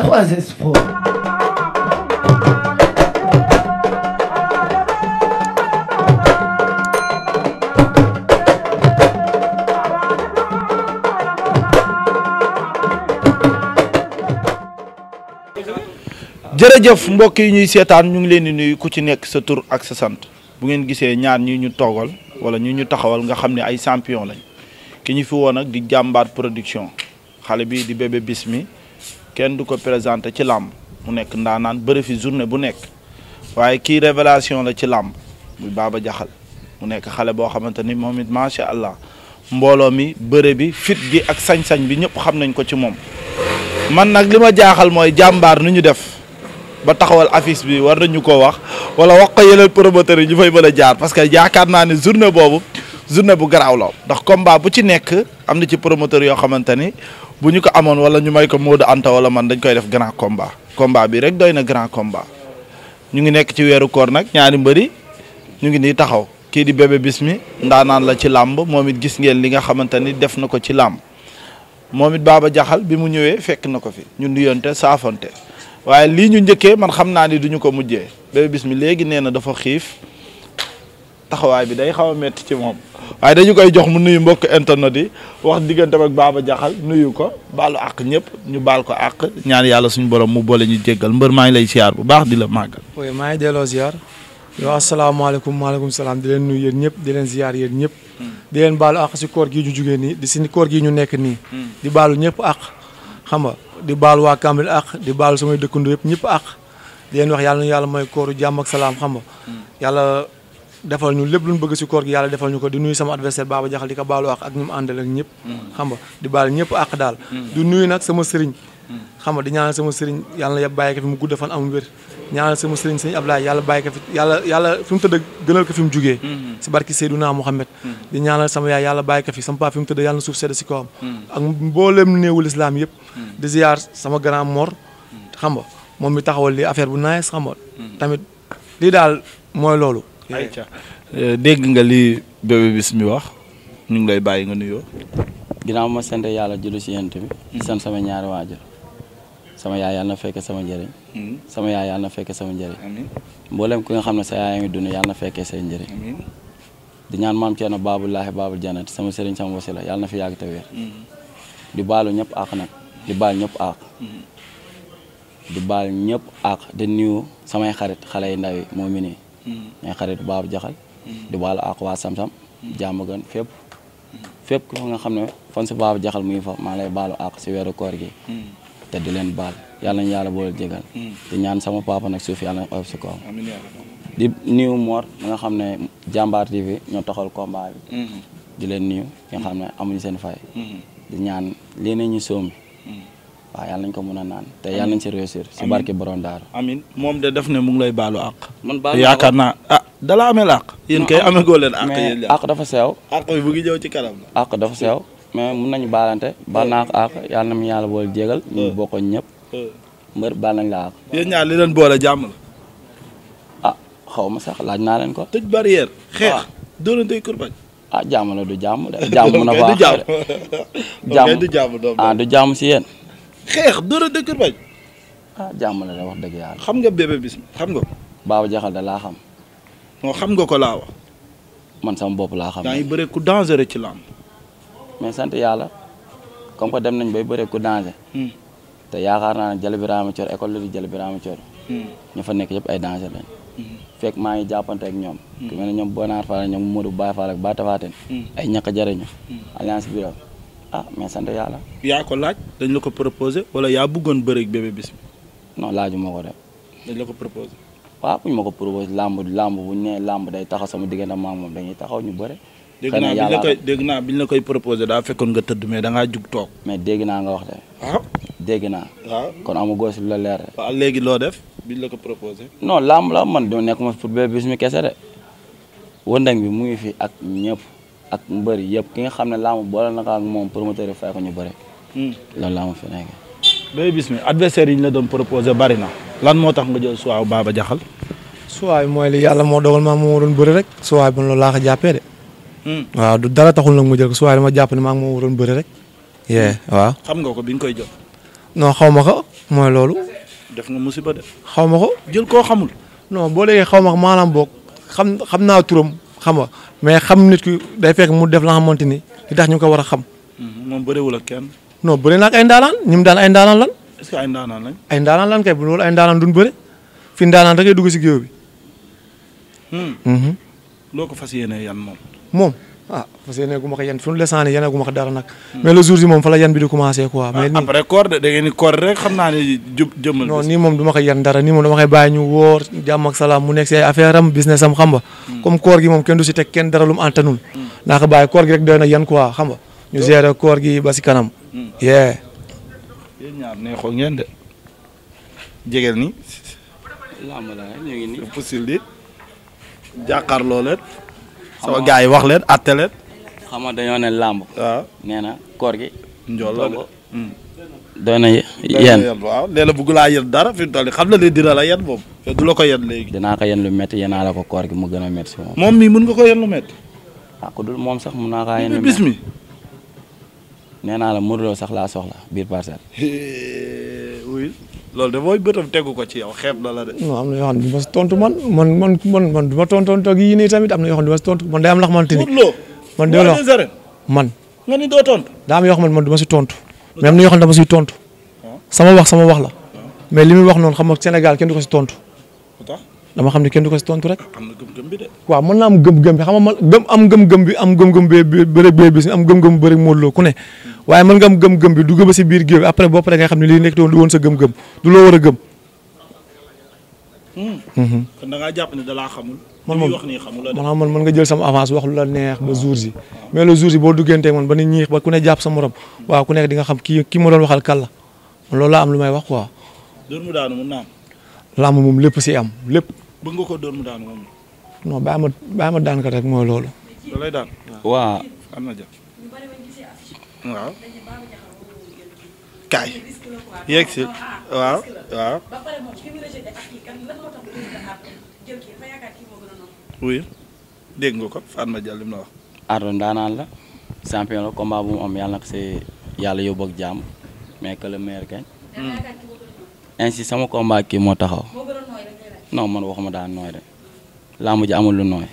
3S jërëjëf mbokk yi ñuy seetaan ñu ngi leen di nuyu ku ci nekk sa tur ak sa sant bu ngeen gisee ñaar ñi ñu toogal wala ñu ñu taxawal nga xam ne ay champion lañ ki ñu fi woon ak di jàmbaar production xale bi di bébé bis kenn du ko présenté ci làmb mu nekk naan bëri fi journée bu nekk waaye kii révélation la ci làmb muy Baba Jaxal mu nekk xale boo xamante ni moom it macha allah mbooloo mi bëre bi fit bi ak sañ-sañ bi ñëpp xam nañ ko ci moom man nag li ma jaaxal mooy jàmbaar nu ñu def ba taxawal affice bi war nañu ko wax wala wax ko yeneen promoteurs yi ñu fay mën a jaar parce que yaakaar naa ne journée boobu journée bu garaaw la ndax combat bu ci nekk am na ci promoteur yoo xamante ni bu ñu ko amoon wala ñu may ko Modou Anta wala man dañ koy def grand combat combat bi rek doy na grand combat ñu ngi nekk ci weeru koor nag ñaari mbëri ñu ngi nii taxaw kii di Bébé Bismi naan la ci làmb moom it gis ngeen li nga xamante ni def na ko ci làmb moom it baaba Jaxal bi mu ñëwee fekk na ko fi ñu nuyonte saafoonte waaye lii ñu njëkkee man xam naa ni duñu ko mujjee Bismi léegi nee na dafa xiif taxawaay bi day xaw a metti ci moom waaye dañu koy jox mu nuyu mbokk internet yi wax digganteem ak Baba Diakhal nuyu ko baalu àq ñëpp ñu baal ko àq ñaan yàlla suñu borom mu boole ñu jéggal mbër maa ngi lay siyaar bu baax di la màggal. oui maa ngi delloo ziar yow asalaamaaleykum waaleykum salaam di leen nuyu yéen ñëpp di leen ziar yéen ñëpp. Hmm. di leen baalu àq si koor gii ñu jugee nii di si koor gii ñu nekk nii. Hmm. di baalu ñëpp àq xam nga di baal waa Kambil àq di baalu samay dëkkandoo yëpp ñëpp àq di leen wax yàlla yàlla may kooru jàmm salaam xam defal ñu lépp lu ñu bëgg si koor gi yàlla defal ñu ko di nuyu sama adversaire Baba Jaxal di ko baalu ak ak ñu mu àndal mm. di baal ñëpp àq daal mm. du nuyu nag sama sëriñ mm. xam nga di ñaanal sama sëriñ yàlla na bàyyi ko fi mu gudd am wér ñaanal sama sëriñ sëñ Ablaye yàlla bàyyi ko fi yàlla yàlla fi mu tëdd gënal ko fi mu jugee si barki Seydouna Mouhamed di ñaanal sama yaay yàlla bàyyi ko fi sama paa fi mu tëdd yàlla na suuf sedd si kawam ak mbooleem néewu islam yëpp di ziar sama grand mor xam nga moom mi taxawal li affaire bu nice xam nga lii daal mooy loolu ayca euh, dégg nga li Bébé Bismi wax ñu ngi lay bàyyi nga nuyoo. ginnaaw ma sant yàlla julli si yent bi. Hmm. sant sama ñaari waajur. sama yaay yàlla na fekkee sama njëriñ. Hmm. yaay yàlla na fekkee sama njëriñ. mboolem ku nga xam ne sa yaay a ngi dund yàlla na fekkee seen njëriñ. di ñaan maam Thierno Babulaahi baabul Janat sama sëriñ sama wasila yàlla na fi yàgg te wér. Hmm. di baalu ñëpp àq nag di baal ñëpp àq. di baal ñëpp àq di nuyu samay xarit xale yu ndaw yi moo mi nii mais mm. xarit Baba Jaxal mm. di baalu àq waa Sam-Sam mm. jàmm gën fépp fépp ku nga xam ne fan si Baba Jaxal mu ngi fa maa lay baalu àq si weeru koor gi te di leen baal yàlla nañu yàlla boole jégal di ñaan sama papa nag suuf yàlla nañ oyof di nuyu Mor mi nga xam ne jàmbaar TV ñoo taxal combat bi di leen nuyu nga xam ne amuñu seen fay di ñaan lii nañu soomi waaw nañ ko mën a naan te yàlla nañ si réussir si barke borom daara amin moom de def ne mu lay baalu àq man baalu yaakaar na ah dala ameel àq yéen kay amee goo leen àq dafa seew àq bu ngi ñëw ci kanam la àq dafa seew mun nañu baalante baal naa ko àq yàlla na mu yàlla boole jégal ñu euh. bokkoon ñëpp euh. mbër baal nañ la àq yéen ñaar la ah xaw ma sax laaj naa leen ko tëj barrière xeex ah. dóorante kurbañ ah jàmm du jàmm de jàmm mun a baax jàmm ah du jàmm si yéen xeex dóor a dëkkër bañ. ah jàmm la wax dëgg yàlla. xam nga bébé bis xam nga ko. Jaxal da laa xam. non xam nga ko laa man sama bopp laa xam. daa ngi bëre ku dangereux ci làmb. mais sant yàlla comme que dem nañ bay bëre ku danger. Hmm. te yaakaar naa ne Jalle Birame Thior école la di Jalle Birame Thior. Hmm. ñu fa nekk yëpp ay danger lañ. Hmm. fekk maa ngi jàppante ak ñoom. ku mel ne ñoom Bonaar Fall ñoom Modou Baye Fall ak Ba Tafaten. ay ñàkk jariñu alliance bi ah mais sant yàlla. yaa ko laaj dañ la ko proposé wala yaa bëggoon bëreeg bébé bis bi. non laaju ma ko de. dañ la ma ko proposé làmb làmb bu ñu làmb day taxaw sama diggante maam dañuy taxaw ñu bëre. dégg naa bi ñu la koy proposé daa fekkoon nga tëdd mais da jug toog. mais dégg naa nga wax de. Ah? naa. waaw ah? kon amu góos la leer. waaw léegi loo def. bi la ko proposé. non làmb la man doo nekk ma pour bébé bis mi kese de wëndang bi mu ngi fi ak ñëpp ak mbëri yëpp ki nga xam ne laamu boole na ko ak moom promoteur yi fay ko ñu bëri. Hmm. loolu laa ma fi nekk. Bébé Bismi adversaire yi ñu la doon proposé bari na lan moo tax nga jël suwaaw Baba Jaxal. suwaay mooy li yàlla moo dogal maa moo doon bëri rek suwaay ba loolu laa ko jàppee hmm. du dara taxul nag mu jël jàpp ne maa ngi moo waroon bëri rek. Hmm. nga ko bi koy jot. non xaw ma ko mooy loolu. def nga musiba de xaw ma ko. jël koo xamul. non boo léegi xaw ma ko maanaam boog xam xam naa turam xam nga mais xam nit ki day fekk mu def la xamante ni li tax ñu ko war a xam. Mm-hmm. moom bëriwul ak kenn. non bëri na ay ndaanaan ñi mu daan ay ndaanaan lan. est-ce que ay ndaanaan lan kay bu loolu ay ndaanaan duñ bëri fi ndaanaan da ngay dugg si géew bi. Hmm. Mm-hmm. loo ko fas yéenee yan moom ah parce que yéen gu yan fi di commencé quoi. Ah, da ngeen ni koor rek naa ne jub jëmmal. moom du ma ko yan dara nii moom dama koy bàyyi ñu wóor jàmm ak salaam mu nekk xam nga. Hmm. comme koor gi moom kenn du si teg kenn dara lu hmm. ko bàyyi koor gi rek doy na ba si kanam. Hmm. yee. yéen ñaar neexoo ngeen de. jegeel ni. alhamdulilah ñu ngi nii. possible sama gars yi wax leen atte leen. xam nga dañoo ne làmb. waaw na koor gi. njool la hmm. na yen waaw nee na bëgg laa yen dara fi mu toll xam na ne dina la yen moom du la ko yen léegi. dinaa ko yen lu métti yenaa la ko koor gi mu gën a métti si moom. moom mii mën nga ko yen lu métti. ah ku dul moom sax mun naa kaa yen lu métti bis naa la Modou Lo sax laa soxla biir parcelle. loolu de mooy bëtam tegu ko ci yow xeeb na la de. non am na yoo xam ne du ma tontu man man man man man du ma tontoon nii tamit am na yoo xam ne du ma tontu man am ne ma si tontu. mais am na yoo xam ne dama siy tontu. sama wax sama wax la. mais li muy wax noonu xam nga Sénégal kenn du ko si tontu. dama xam ne kenn du ko si tontu rek. am na gëm-gëm waaw mën naa am gëm-gëm bi xam nga man gëm am gëm-gëm bi am gëm-gëm bee bee bëreeg bee am gëm-gëm bëreeg Modou Lo ku ne waaye mën nga am gëm-gëm bi dugg ba si biir géew après boo paree nga xam ne lii nekk du woon sa gëm-gëm du loo war a gëm. Hmm. Hmm. kon da ngaa jàpp ne da laa xamul. man moom wax nii xamul la man man nga jël sama avance wax lu la neex ba jour mais le jour ji boo dugganteeg ba ni ñiix ba ku jàpp sa morom ku nekk di nga xam kii kii ma doon waxal loolu laa am lu may wax quoi. dóor mu daanu mun naa am. làmb moom lépp si am lépp. bëgg nga ko dóor mu daanu moom. non bàyyi ma bàyyi ma daan rek mooy loolu. lay daan waaw am na jàpp. waaw kaay yegg si waaw waaw oui dégg nga ko Fatma Diallo li mu la wax. Ardo ndaanaan la champion la combat bu mu am yàlla na si yàlla yóbbu ak jàmm mais que le meilleur hmm. ainsi sama combat kii moo taxaw. non man waxuma daan nooy de làmb ji amul lu nooy.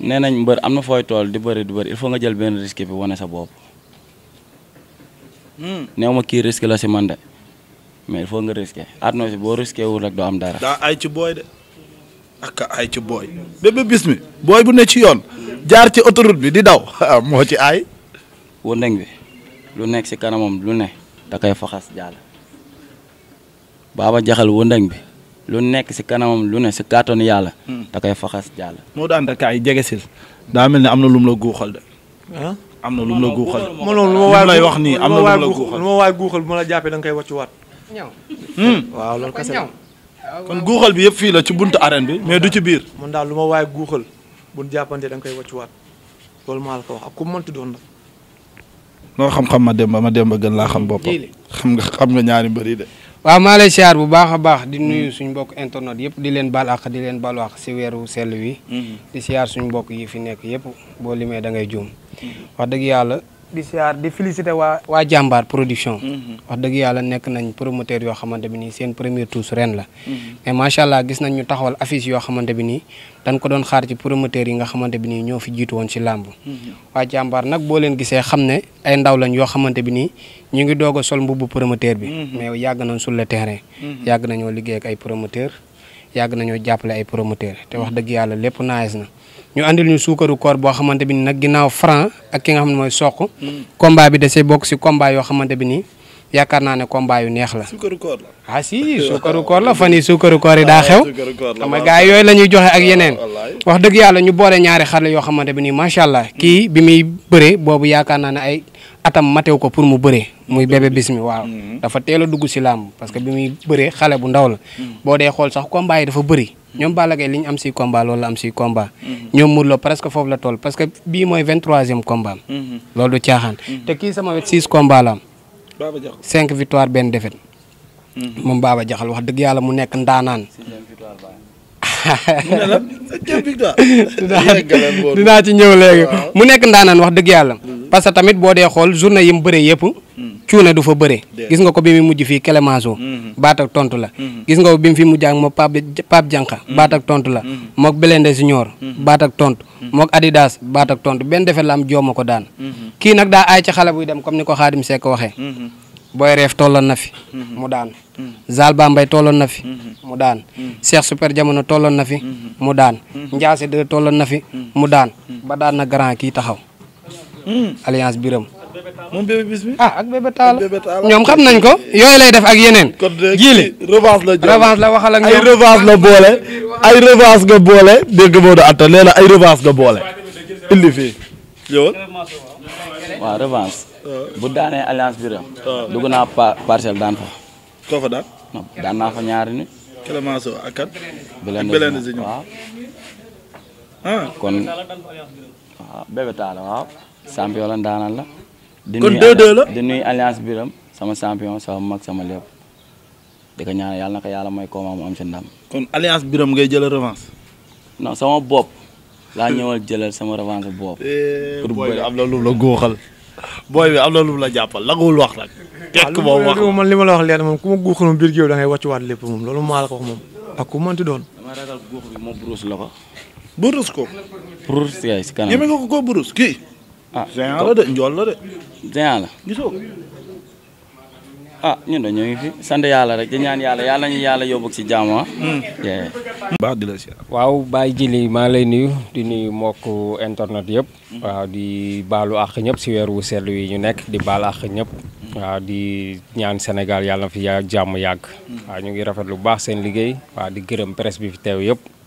nee nañ mbër am na fooy tool di bëri di bëri il faut nga jël benn risque bi wane sa bopp. Hmm. néew ma kii risque la si man de mais il faut nga risqué àdduna si boo risqué doo am dara. daa ay ci booy de ak ay ci booy. Bébé Bismi booy bu ne ci yoon jaar ci autoroute bi di daw ah, moo ci aay. wëndëng bi lu nekk si kanamam lu ne da koy faxas jàll. baaba jaxal wëndëng bi. lu nekk si kanamam lu ne si kàttanu yàlla. Hmm. da koy faxas jàll. moo daan rek ay jege sil daa mel ni am na lum la guuxal de. ah am na lum la guuxal. ma loolu lay wax nii am na lum la guuxal lu ma waay bu ma la jàppee da nga koy wàccuwaat. ñaw. Hmm. waaw loolu kese kon guuxal bi yëpp fii la ci buntu arène bi mais du ci biir. man daal lu waay guuxal bu ñu jàppante koy wàccuwaat loolu maa la ko wax ak ku mu mënti doon nag. loo xam-xam ma dem ba ma dem gën laa xam boppam. xam nga xam nga ñaari mbër de waaw maa lay siyaar bu baax a baax di nuyu mm. suñ mbokk internet yëpp di leen baal àq di leen balu àq si weeru sell wi mm-hmm. di siyaar suñu mbokk yi fi nekk yëpp boo limee da ngay juum mm-hmm. wax dëgg yàlla di siyaar di félicité waa waa jàmbaar production mm-hmm. wax dëgg yàlla nekk nañ promoteur yoo xamante bi nii seen premier tous ren la mm-hmm. mais macha allah gis nañ ñu taxawal affiche yoo xamante bi nii dañ ko doon xaar ci promoteur yi nga xamante bi nii ñoo fi jiitu woon ci làmb mm-hmm. waa jàmbaar nag boo leen gisee xam ne ay ndaw lañ yoo xamante bi nii ñu ngi doog a sol mbubbu promoteur bi mais yàgg nañ sur le terrain yàgg nañoo liggéey ak ay promoteur yàgg nañoo jàppale ay promoteur te wax dëgg yàlla lépp naagis na ñu andil ñu suukaru koor boo xamante bi ni nag ginnaaw franc ak ki nga xam ne mooy soq. Mm. combat bi dasee bokk si combat yoo xamante bi nii yaakaar naa ne combat yu neex la. suukaru ah, si suukaru koor la fan yii suukaru koor yi daa ah, xew. xam nga yooyu la ñuy joxe ak ah, yeneen. wax dëgg yàlla ñu boole ñaari xale yoo xamante bi nii macha allah hmm. kii bi muy bëree boobu yaakaar naa ne ay atam matew ko pour mu bëree. muy hmm. bébé bismi hmm. dafa teel a dugg si làmb parce que bi muy bëree xale bu ndaw la. boo dee xool sax combat yi dafa bëri. ñoom Balla Gaye li ñu am si combat loolu la am si combat. ñoom Modou Lo presque foofu la tool parce que bii mooy vingt-troisième combat. loolu du caaxaan. te kii sama wet six combat Baba Diakhal cinq victoire benn défaite. Mm-hmm. moom Baba Diakhal wax dëgg yàlla mu nekk ndaanaan. dinaa ci ñëw léegi mu nekk ndaanaan wax dëgg yàlla hmm. parce que tamit boo dee xool journée yi mu bëree yëpp hmm. cuune du fa bëre gis nga ko bi mu mujj fii Clémenceau hmm. baat ak tontu la gis nga ko bi mu jàng mujj ak moom Pape Pape tontu la moo Belende Junior baat ak tontu mook Adidas baat ak tontu benn defet la jooma ko daan kii nag daa aay ci xale buy dem comme ni ko Xaadim Seck waxee booy reef tolloon na fi mhm. mu daan mhm. Zal Bambay tolloon na fi mhm. mu daan Cheikh Super Jamono tolloon na fi mu daan Ndiasse de tolloon na fi mu daan ba daan na grand kii taxaw alliance biram moom bis bi ah ak bébé taal ñoom xam nañ ko yooyu lay def ak yeneen. jiile revanche la joxe revanche la waxal ak ñoom ay revanche ay revanche nga boole dégg nga Maodo Atta nee na ay revanche nga boole indi fii. ñëwal waa revanche bu daanee alliance bi ram ah. dugg naa parcelle daan fa koo fa daan daan naa fa ñaari nit waaw ah. kon waaw bébé taala waaw champion la ndaanal la di nuy alliance biram sama sama mag sama lépp di ko ñaan yàlla na ko yàlla mooy combat am si ndam kon alliance biram ngay jël revanche non sama bopp laa ñëwal jëlal sama revanche boobu. Eh, pour booy bi am na lu la góoxal. booy bi am na lu la jàppal nanguwul wax nag. tekk moom wax man li ma la wax leen moom ku ma guuxaloon biir géew da ngay wàccuwaat lépp moom loolu maa la ko wax moom ak ku mënti doon. dama ragal guux bi moom brousse la ko. brousse ko. brousse yaay si kanam. ñeme nga ko koo brousse kii. ah géant la de njool la de. géant la gisoo. ah ñun de ñu ngi fi sant yàlla rek di ñaan yàlla yàlla ñu yàlla yóbbu ci jàmm ah. hmm. baax di la si waaw Baye Jili maa lay nuyu di nuy mokk internet yëpp. Hmm. waaw di baalu àq ñëpp si weer wu seetlu yi ñu nekk di baal àq ñëpp. Hmm. waaw di ñaan senegal yàlla na fi jàmm yàgg. waaw ñu ngi rafet lu baax seen liggéey. waa di gërëm presse bi fi teew yëpp.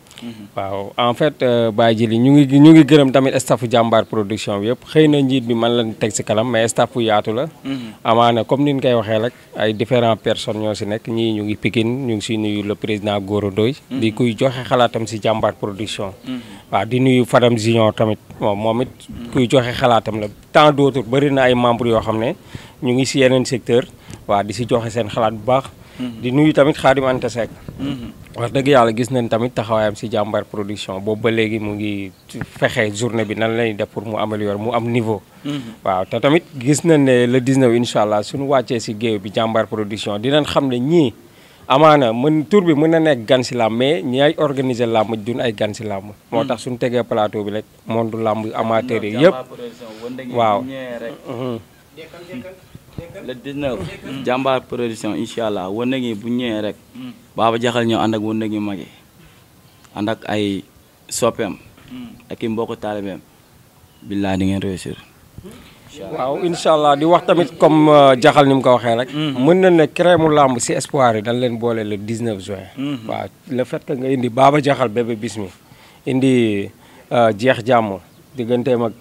waaw en fait euh, Baye Jili ñu ngi ñu ngi gërëm tamit staffu jàmbaar production bi yëpp xëy na njiit bi man lañ teg si kalam mais staffu yaatu la. Mhm. amaana comme ni ñu koy waxee rek ay différent personnes ñoo si nekk ñii ñu ngi pikin ñu ngi si nuyu le président Goro Ndoye mhm. di kuy joxe xalaatam si jàmbaar production. Mhm. waaw di nuyu Fadam Zion tamit moom moom it. kuy joxe xalaatam la tant d'autres bëri na ay membres yoo xam ne ñu ngi si yeneen secteur waaw di si joxe seen xalaat bu baax. di nuyu tamit Xaadim Anta Seck mm-hmm. wax dëgg yàlla gis nañ tamit taxawaayam si jàmbaar production boobu ba léegi mu ngi fexe journée bi nan lañuy def pour mu améliorer mu am niveau mm-hmm. waaw te tamit gis nañ ne le 19 incha allah suñu wàccee si géew bi jàmbaar production dinañ xam ne ñii amaana mën tur bi mën na nekk gan si làmb mais ñi ay organiser làmb dun ay gan si làmb mm-hmm. moo tax suñu tegee plateau bi rek monde làmb amateur yi yëpp waaw le 19. jàmbaar production incha allah wane bu ñëwee rek. Baba Jaxal ñëw ànd ak wane ngi magi ànd ak ay soppeem. ak i mbokku taalibeem. billaay di ngeen réussir. waaw incha allah di wax tamit comme euh, jaxal ni mu ko waxee rek. Mm-hmm. mën na ne crème mu làmb si espoir yi dañ leen boole le 19 juin. Mm-hmm. waaw le fait que nga indi baaba Jaxal bébé bis indi euh, jeex jàmm digganteem ak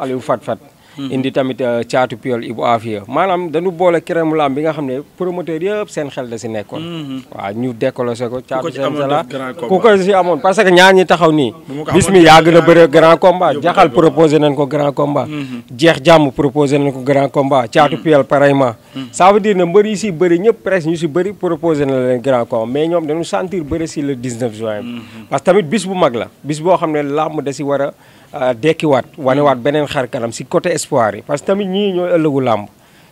Aliou Fat Fat. Mm-hmm. indi tamit euh, caatu piol Ibu Afia maanaam dañu boole crème lamb bi nga xam ne promoteur yëpp seen xel da si nekkoon mm-hmm. waaw ñu décolosé ko caatu sensala ku ko si amoon parce que ñaar ñi taxaw nii bis mi yaa gën a bëre grand combat jaxal proposé nañ ko grand combat mm-hmm. jeex jàmm proposé nañ caatu piol pareillement ça veut dire ne si bëri ñëpp presque ñu si bëri proposé na leen grand combat mais ñoom dañu sentir bëri si le 19 juin parce que tamit bis bu mag la bis boo xam ne lamb da Ah, dekkiwaat wanewaat beneen xar kanam si côté espoir yi parce que tamit ñii ñooy ëllëgu làmb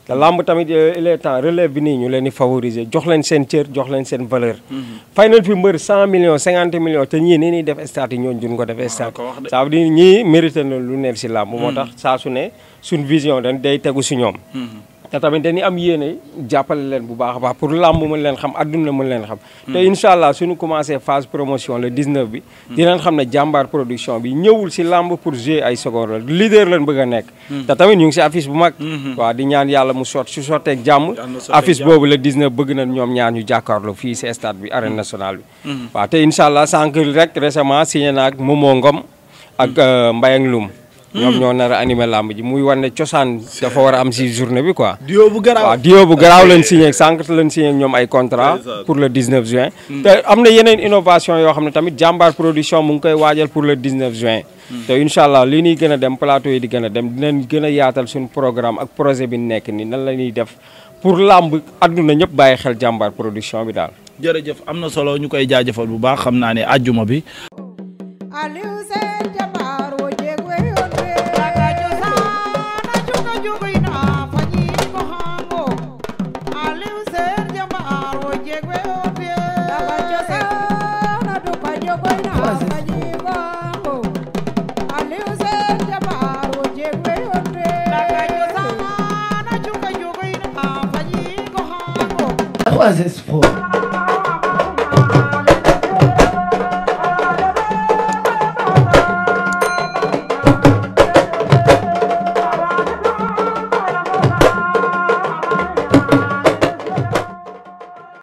te làmb tamit eh, il est temps relève bi nii ñu leen di favoriser jox leen seen cër jox leen seen valeur. Mm-hmm. final fi mbër cent millions 50 millions te ñii nii ñuy def stade yi ñooñu duñ ko def ah, stade. ça veut dire ñii mérité lu neex si làmb. moo mm. tax saa su ne suñ vision dañ day tegu si ñoom. Mm-hmm. te tamit dañuy am yéene jàppale leen bu baax a baax pour làmb mën leen xam adduna mën leen xam te hmm. incha allah suñu commencé phase promotion le 19 bi hmm. dinañ xam ne jàmbaar production bi ñëwul si làmb pour jouer ay seconde la leader leen bëgg a nekk hmm. te tamit ñu ngi si afice bu mag waa di ñaan yàlla mu sot su sotteeg jàmm affiche boobu le 19 bëgg na ñoom ñaar ñu jàkkaarloo fii si stade bi arène nationale bi waa te incha allah sànq rek récemment signé naa ak Momo Ngom ak euh, Mbayang Loum ñoom ñoo nar a animé làmb ji muy war ne cosaan dafa war am si journée bi quoi. diop bu garaaw waaw diop bu garaaw leen signé ak leen signé ñoom ay contrat pour le 19 juin. Hmm. te am na yeneen innovation yoo xam ne tamit jàmbaar production mu ngi koy waajal pour le 19 juin. Hmm. te incha allah li ñuy gën a dem plateau yi di gën dem dinañ gën a yaatal suñu programme ak projet bi nekk nii nan la ñuy def pour làmb àdduna ñëpp bàyyi xel jàmbaar production bi daal. jërëjëf am na solo ñu koy jaajëfal bu baax xam naa ne àjjuma bi. was his fault?